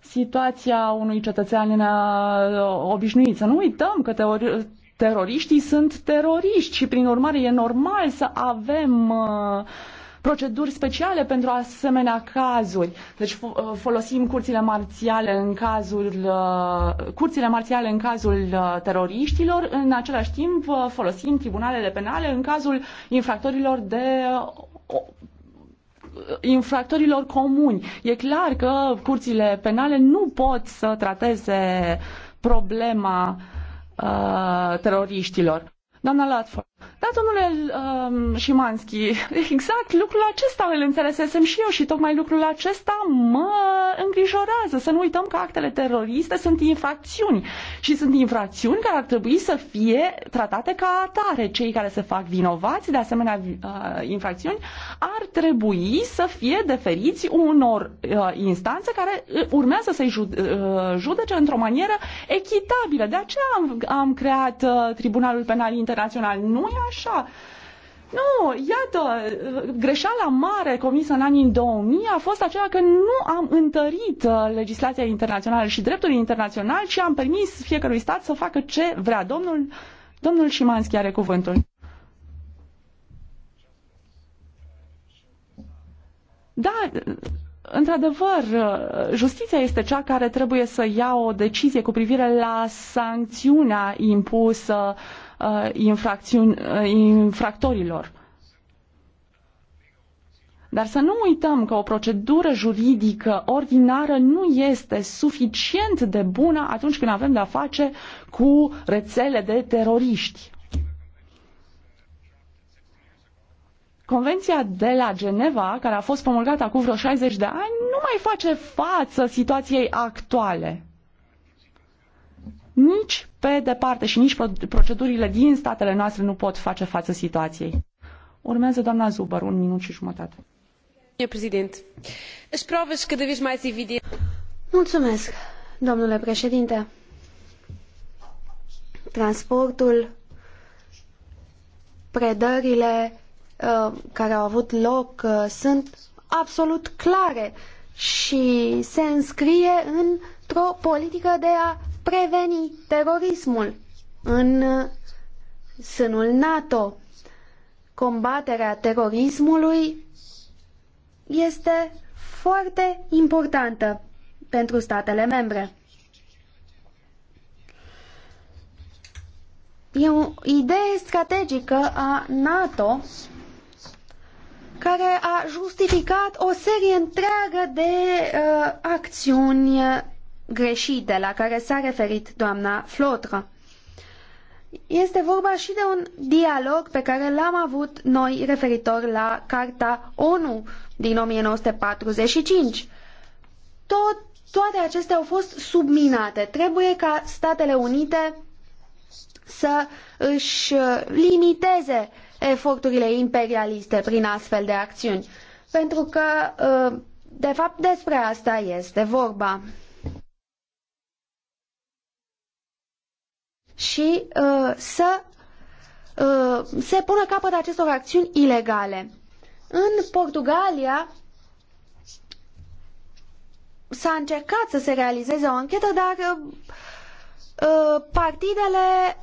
situația unui cetățean uh, obișnuit. Să nu uităm că teori- teroriștii sunt teroriști și, prin urmare, e normal să avem uh, proceduri speciale pentru asemenea cazuri. Deci uh, folosim curțile marțiale în cazul uh, curțile marțiale în cazul uh, teroriștilor, în același timp folosim tribunalele penale în cazul infractorilor de infractorilor comuni. E clar că curțile penale nu pot să trateze problema uh, teroriștilor. Doamna Latford. Da, domnule um, Șimanski, exact lucrul acesta îl înțelesesem și eu și tocmai lucrul acesta mă îngrijorează. Să nu uităm că actele teroriste sunt infracțiuni și sunt infracțiuni care ar trebui să fie tratate ca atare. Cei care se fac vinovați de asemenea uh, infracțiuni ar trebui să fie deferiți unor uh, instanțe care uh, urmează să-i jude, uh, judece într-o manieră echitabilă. De aceea am, am creat uh, Tribunalul Penal Internațional. Nu e așa. Nu, iată, greșeala mare comisă în anii 2000 a fost aceea că nu am întărit uh, legislația internațională și dreptul internațional, ci am permis fiecărui stat să facă ce vrea. Domnul, domnul Șimanschi are cuvântul. Da, într-adevăr, uh, justiția este cea care trebuie să ia o decizie cu privire la sancțiunea impusă uh, Uh, uh, infractorilor. Dar să nu uităm că o procedură juridică ordinară nu este suficient de bună atunci când avem de-a face cu rețele de teroriști. Convenția de la Geneva, care a fost promulgată acum vreo 60 de ani, nu mai face față situației actuale nici pe departe și nici procedurile din statele noastre nu pot face față situației. Urmează doamna Zubăr, un minut și jumătate. Mulțumesc, domnule președinte. Transportul, predările uh, care au avut loc uh, sunt absolut clare și se înscrie într-o politică de a preveni terorismul în uh, sânul NATO. Combaterea terorismului este foarte importantă pentru statele membre. E o idee strategică a NATO care a justificat o serie întreagă de uh, acțiuni uh, greșite la care s-a referit doamna Flotră. Este vorba și de un dialog pe care l-am avut noi referitor la Carta ONU din 1945. Tot, toate acestea au fost subminate. Trebuie ca Statele Unite să își limiteze eforturile imperialiste prin astfel de acțiuni. Pentru că, uh, de fapt, despre asta este vorba. și uh, să uh, se pună capăt acestor acțiuni ilegale. În Portugalia s-a încercat să se realizeze o anchetă, dar uh, uh partidele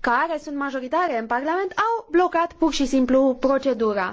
care sunt majoritare în Parlament au blocat pur și simplu procedura.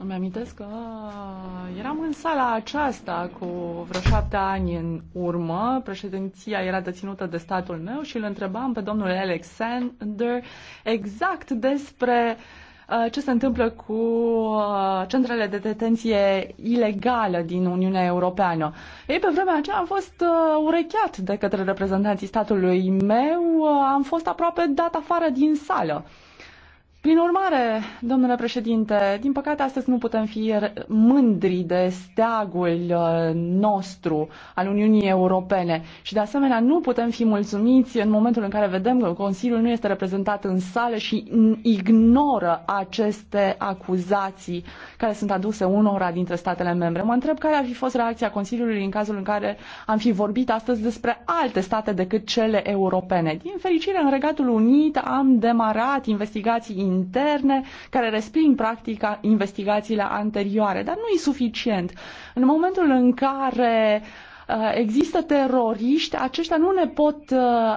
îmi amintesc că eram în sala aceasta cu vreo șapte ani în urmă. Președinția era deținută de statul meu și îl întrebam pe domnul Alexander exact despre uh, ce se întâmplă cu uh, centrele de detenție ilegală din Uniunea Europeană. Ei, pe vremea aceea am fost uh, urecheat de către reprezentanții statului meu, am fost aproape dat afară din sală. Prin urmare, domnule președinte, din păcate astăzi nu putem fi mândri de steagul uh, nostru al Uniunii Europene și de asemenea nu putem fi mulțumiți în momentul în care vedem că Consiliul nu este reprezentat în sală și ignoră aceste acuzații care sunt aduse unora dintre statele membre. Mă întreb care ar fi fost reacția Consiliului în cazul în care am fi vorbit astăzi despre alte state decât cele europene. Din fericire, în Regatul Unit am demarat investigații interne care resping practica investigațiile anterioare, dar nu e suficient. În momentul în care uh, există teroriști, aceștia nu ne pot uh,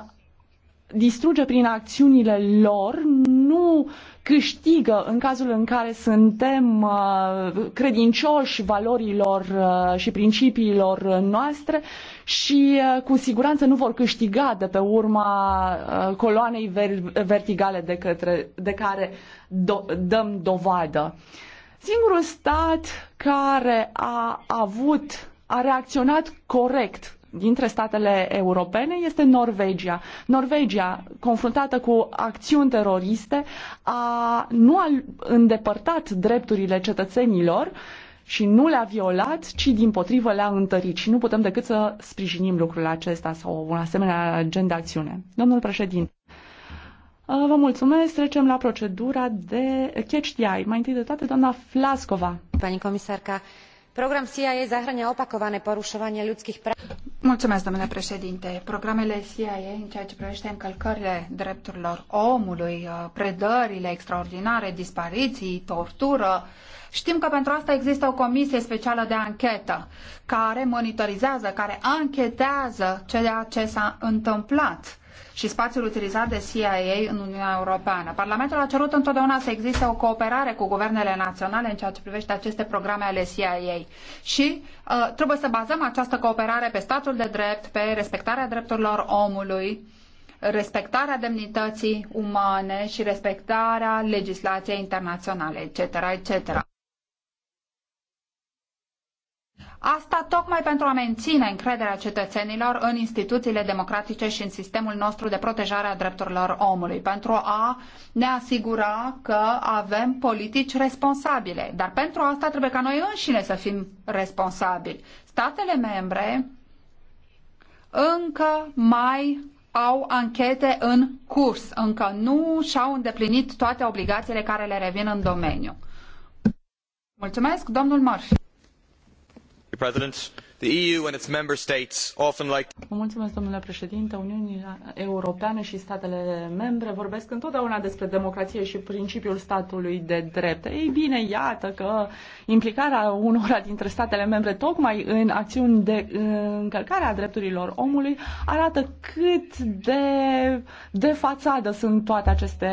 distruge prin acțiunile lor, nu câștigă în cazul în care suntem uh, credincioși valorilor și principiilor noastre și uh, cu siguranță nu vor câștiga de pe urma uh, coloanei ver- verticale de, către, de care do- dăm dovadă. Singurul stat care a avut, a reacționat corect dintre statele europene este Norvegia. Norvegia, confruntată cu acțiuni teroriste, a, nu a îndepărtat drepturile cetățenilor și nu le-a violat, ci din potrivă le-a întărit și nu putem decât să sprijinim lucrul acesta sau un asemenea gen de acțiune. Domnul președinte, uh, vă mulțumesc, trecem la procedura de catch the eye. Mai întâi de toate, doamna Flascova. Pani comisarca, program CIA zahrania opakované porušovanie ľudských práv. Mulțumesc, domnule președinte. Programele CIA în ceea ce privește încălcările drepturilor omului, uh, predările extraordinare, dispariții, tortură, știm că pentru asta există o comisie specială de anchetă care monitorizează, care anchetează ceea ce s-a întâmplat și spațiul utilizat de CIA în Uniunea Europeană. Parlamentul a cerut întotdeauna să existe o cooperare cu guvernele naționale în ceea ce privește aceste programe ale CIA și uh, trebuie să bazăm această cooperare pe statul de drept, pe respectarea drepturilor omului, respectarea demnității umane și respectarea legislației internaționale, etc., etc. Asta tocmai pentru a menține încrederea cetățenilor în instituțiile democratice și în sistemul nostru de protejare a drepturilor omului, pentru a ne asigura că avem politici responsabile. Dar pentru asta trebuie ca noi înșine să fim responsabili. Statele membre încă mai au anchete în curs, încă nu și-au îndeplinit toate obligațiile care le revin în domeniu. Mulțumesc, domnul Murphy mr president The EU and its member states often like... Mulțumesc, domnule președinte. Uniunea Europeană și statele membre vorbesc întotdeauna despre democrație și principiul statului de drept. Ei bine, iată că implicarea unora dintre statele membre tocmai în acțiuni de încălcare a drepturilor omului arată cât de, de fațadă sunt toate aceste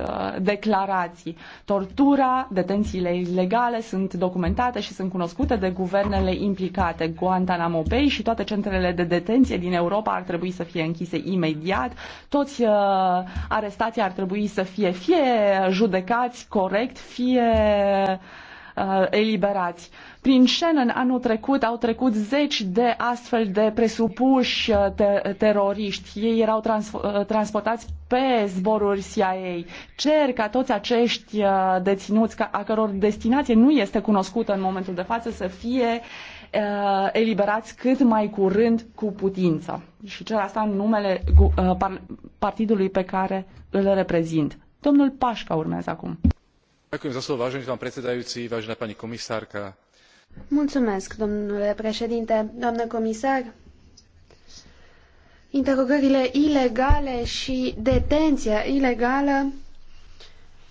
uh, declarații. Tortura, detențiile ilegale sunt documentate și sunt cunoscute de guvernele implicate Guantanamo Bay și toate centrele de detenție din Europa ar trebui să fie închise imediat. Toți uh, arestații ar trebui să fie fie judecați corect, fie uh, eliberați. Prin Shannon anul trecut au trecut zeci de astfel de presupuși uh, te- teroriști. Ei erau trans- uh, transportați pe zboruri CIA. Cer ca toți acești uh, deținuți, a căror destinație nu este cunoscută în momentul de față, să fie uh, uh, eliberați cât mai curând cu putință. Și cer asta în numele uh, par, partidului pe care îl reprezint. Domnul Pașca urmează acum. Mulțumesc, domnule președinte, doamnă comisar. Interogările ilegale și detenția ilegală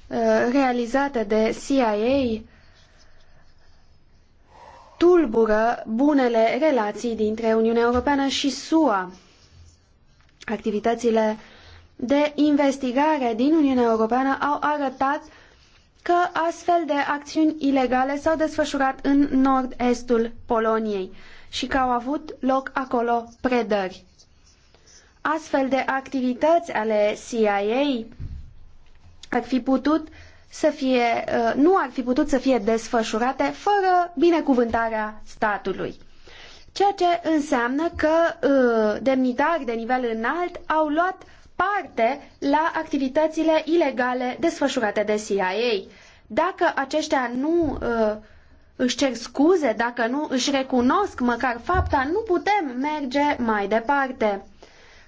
uh, realizate de CIA tulbură bunele relații dintre Uniunea Europeană și SUA. Activitățile de investigare din Uniunea Europeană au arătat că astfel de acțiuni ilegale s-au desfășurat în nord-estul Poloniei și că au avut loc acolo predări. Astfel de activități ale CIA ar fi putut să fie, uh, nu ar fi putut să fie desfășurate fără binecuvântarea statului. Ceea ce înseamnă că uh, demnitari de nivel înalt au luat parte la activitățile ilegale desfășurate de CIA. Dacă aceștia nu uh, își cer scuze, dacă nu își recunosc măcar fapta, nu putem merge mai departe.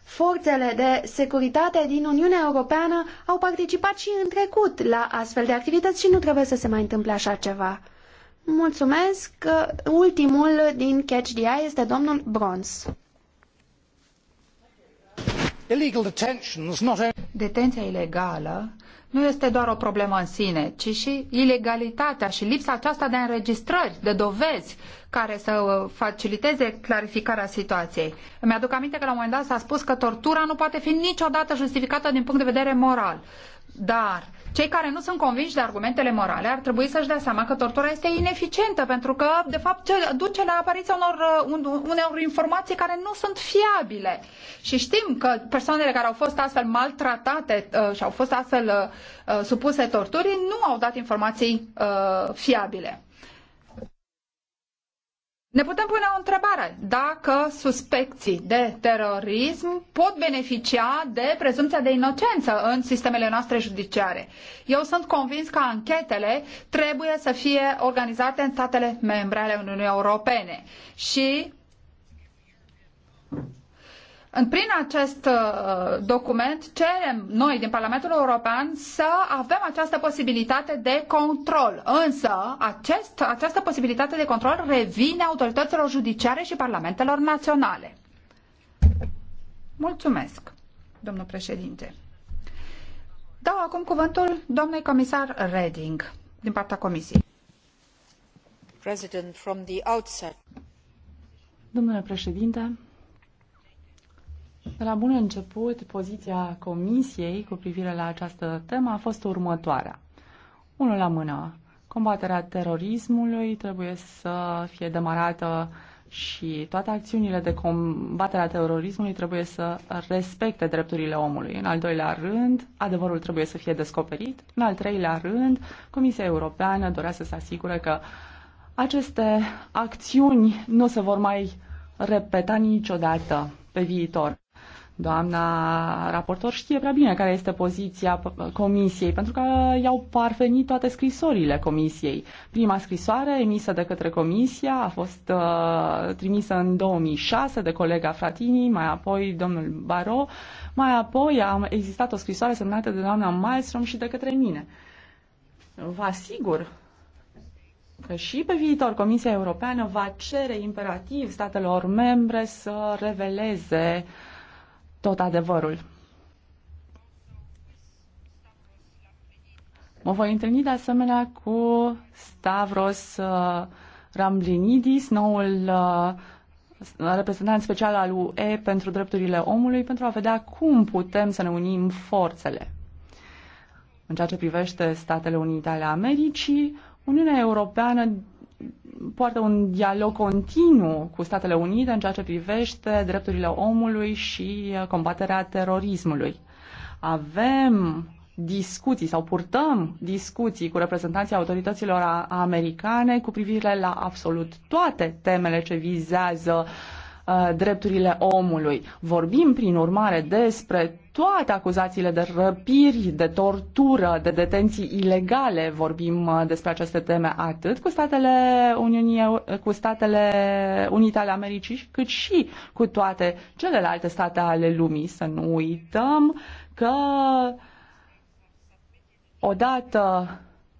Forțele de securitate din Uniunea Europeană au participat și în trecut la astfel de activități și nu trebuie să se mai întâmple așa ceva. Mulțumesc. Ultimul din Catch the Eye este domnul Bronz. Detenția ilegală nu este doar o problemă în sine, ci și ilegalitatea și lipsa aceasta de înregistrări, de dovezi care să uh, faciliteze clarificarea situației. Îmi aduc aminte că la un moment dat s-a spus că tortura nu poate fi niciodată justificată din punct de vedere moral. Dar cei care nu sunt convinși de argumentele morale ar trebui să-și dea seama că tortura este ineficientă pentru că, de fapt, duce la apariția unor, uh, unor informații care nu sunt fiabile. Și știm că persoanele care au fost astfel maltratate uh, și au fost astfel uh, supuse torturii nu au dat informații fiabile. Ne putem pune o întrebare dacă suspecții de terorism pot beneficia de prezumția de inocență în sistemele noastre judiciare. Eu sunt convins că anchetele trebuie să fie organizate în statele membre ale Uniunii Europene și prin acest uh, document cerem noi din Parlamentul European să avem această posibilitate de control. Însă acest, această posibilitate de control revine autorităților judiciare și parlamentelor naționale. Mulțumesc, domnul președinte. Dau acum cuvântul doamnei comisar Reding din partea Comisiei. President, from the outset. Domnule președinte, de la bun început, poziția Comisiei cu privire la această temă a fost următoarea. Unul la mână, combaterea terorismului trebuie să fie demarată și toate acțiunile de combatere a terorismului trebuie să respecte drepturile omului. În al doilea rând, adevărul trebuie să fie descoperit. În al treilea rând, Comisia Europeană dorea să se asigure că aceste acțiuni nu se vor mai repeta niciodată pe viitor. Doamna raportor știe prea bine care este poziția comisiei, pentru că i-au parvenit toate scrisorile comisiei. Prima scrisoare emisă de către comisia a fost uh, trimisă în 2006 de colega Fratini, mai apoi domnul Baro, mai apoi a existat o scrisoare semnată de doamna Maestrom și de către mine. Vă asigur că și pe viitor Comisia Europeană va cere imperativ statelor membre să reveleze uh, tot adevărul. Mă voi întâlni de asemenea cu Stavros uh, Ramblinidis, noul uh, reprezentant special al UE pentru drepturile omului, pentru a vedea cum putem să ne unim forțele. În ceea ce privește Statele Unite ale Americii, Uniunea Europeană poartă un dialog continuu cu Statele Unite în ceea ce privește drepturile omului și uh, combaterea terorismului. Avem discuții sau purtăm discuții cu reprezentanții autorităților americane cu privire la absolut toate temele ce vizează uh, Uh, drepturile omului. Vorbim, prin urmare, despre toate acuzațiile de răpiri, de tortură, de detenții ilegale. Vorbim uh, despre aceste teme atât cu statele, Uniunii, cu statele Unite ale Americii, cât și cu toate celelalte state ale lumii. Să nu uităm că odată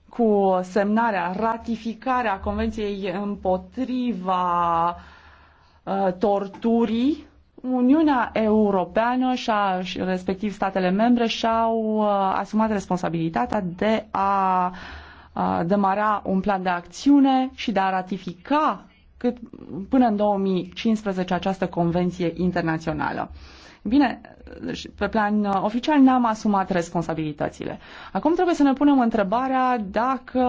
cu semnarea, ratificarea Convenției împotriva uh, Uh, torturii, Uniunea Europeană și-a, respectiv statele membre și-au uh, asumat responsabilitatea de a demara un plan de acțiune și de a ratifica cât, până în 2015 această convenție internațională. Bine, deci, pe plan uh, oficial n-am asumat responsabilitățile. Acum trebuie să ne punem întrebarea dacă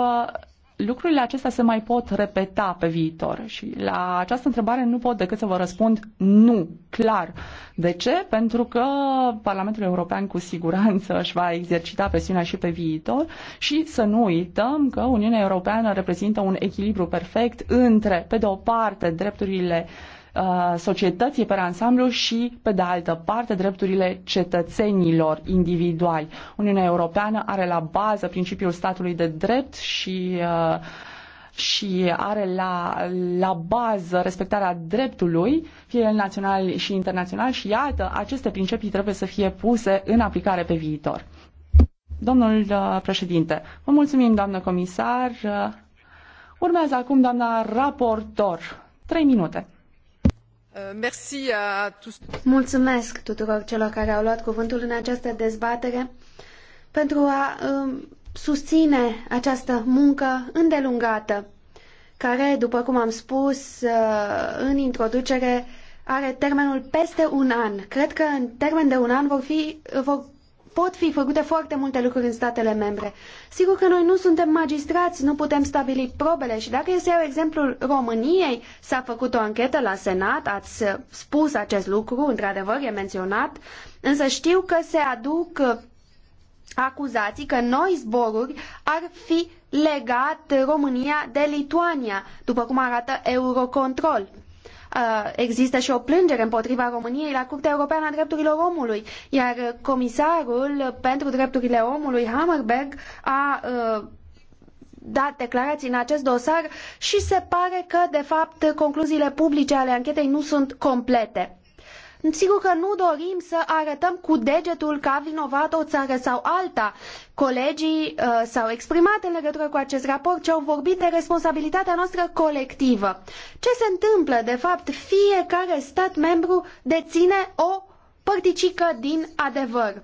lucrurile acestea se mai pot repeta pe viitor? Și la această întrebare nu pot decât să vă răspund nu, clar. De ce? Pentru că Parlamentul European cu siguranță își va exercita presiunea și pe viitor și să nu uităm că Uniunea Europeană reprezintă un echilibru perfect între, pe de o parte, drepturile uh, Uh, societății pe ansamblu și, pe de altă parte, drepturile cetățenilor individuali. Uniunea Europeană are la bază principiul statului de drept și uh, și are la, la bază respectarea dreptului, fie el național și internațional, și iată, aceste principii trebuie să fie puse în aplicare pe viitor. Domnul uh, președinte, vă mulțumim, doamnă comisar. Uh, urmează acum doamna raportor. Trei minute. Mulțumesc tuturor celor care au luat cuvântul în această dezbatere pentru a um, susține această muncă îndelungată, care, după cum am spus uh, în introducere, are termenul peste un an. Cred că în termen de un an vor, fi, vor pot fi făcute foarte multe lucruri în statele membre. Sigur că noi nu suntem magistrați, nu putem stabili probele și dacă este iau exemplul României, s-a făcut o anchetă la Senat, ați spus acest lucru, într-adevăr e menționat, însă știu că se aduc acuzații că noi zboruri ar fi legat România de Lituania, după cum arată Eurocontrol. Există și o plângere împotriva României la Curtea Europeană a Drepturilor Omului, iar comisarul pentru drepturile omului, Hammerberg, a dat declarații în acest dosar și se pare că, de fapt, concluziile publice ale anchetei nu sunt complete. Sigur că nu dorim să arătăm cu degetul ca vinovată o țară sau alta. Colegii uh, s-au exprimat în legătură cu acest raport și au vorbit de responsabilitatea noastră colectivă. Ce se întâmplă? De fapt, fiecare stat membru deține o părticică din adevăr.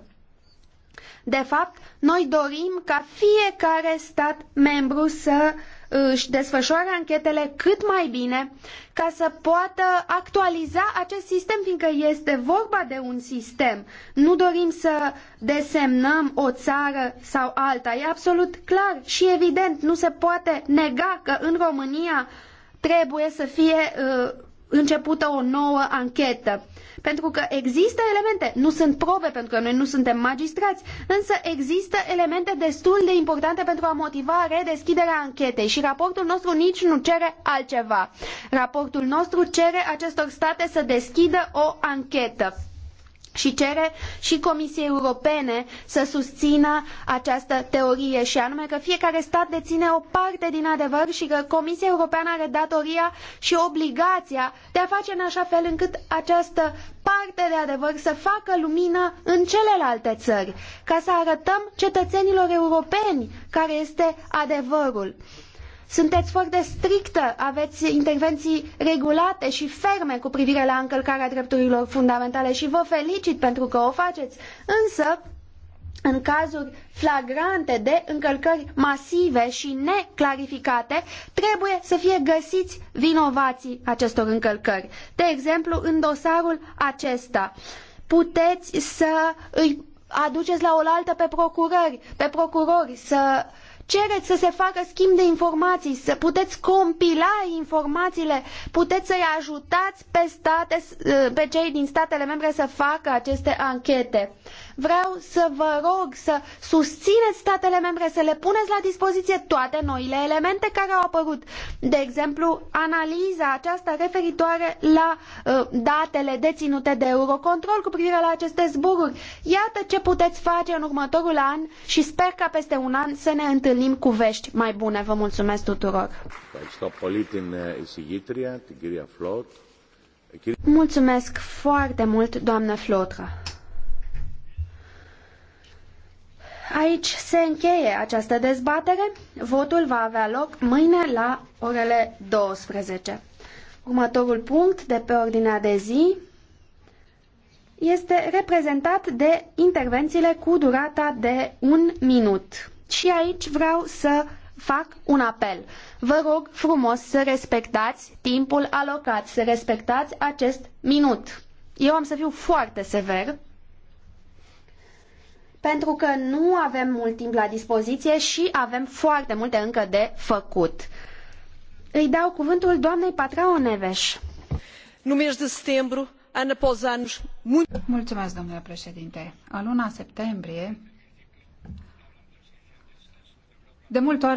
De fapt, noi dorim ca fiecare stat membru să uh, își desfășoară anchetele cât mai bine ca să poată actualiza acest sistem, fiindcă este vorba de un sistem. Nu dorim să desemnăm o țară sau alta. E absolut clar și evident, nu se poate nega că în România trebuie să fie uh, începută o nouă anchetă. Pentru că există elemente, nu sunt probe pentru că noi nu suntem magistrați, însă există elemente destul de importante pentru a motiva redeschiderea anchetei și raportul nostru nici nu cere altceva. Raportul nostru cere acestor state să deschidă o anchetă și cere și Comisiei Europene să susțină această teorie și anume că fiecare stat deține o parte din adevăr și că Comisia Europeană are datoria și obligația de a face în așa fel încât această parte de adevăr să facă lumină în celelalte țări, ca să arătăm cetățenilor europeni care este adevărul. Sunteți foarte strictă, aveți intervenții regulate și ferme cu privire la încălcarea drepturilor fundamentale și vă felicit pentru că o faceți. Însă, în cazuri flagrante de încălcări masive și neclarificate, trebuie să fie găsiți vinovații acestor încălcări. De exemplu, în dosarul acesta, puteți să îi aduceți la oaltă pe procurori, pe procurori să cereți să se facă schimb de informații, să puteți compila informațiile, puteți să-i ajutați pe, state, pe cei din statele membre să facă aceste anchete. Vreau să vă rog să susțineți statele membre, să le puneți la dispoziție toate noile elemente care au apărut. De exemplu, analiza aceasta referitoare la uh, datele deținute de Eurocontrol cu privire la aceste zboruri. Iată ce puteți face în următorul an și sper ca peste un an să ne întâlnim cu vești mai bune. Vă mulțumesc tuturor! Mulțumesc foarte mult, doamnă Flotră! Aici se încheie această dezbatere. Votul va avea loc mâine la orele 12. Următorul punct de pe ordinea de zi este reprezentat de intervențiile cu durata de un minut. Și aici vreau să fac un apel. Vă rog frumos să respectați timpul alocat, să respectați acest minut. Eu am să fiu foarte sever pentru că nu avem mult timp la dispoziție și avem foarte multe încă de făcut. Îi dau cuvântul doamnei Patrao Neveș. No mês de setembro, ano após ano, muito... Mulțumesc, domnule președinte. În luna septembrie, de multe ori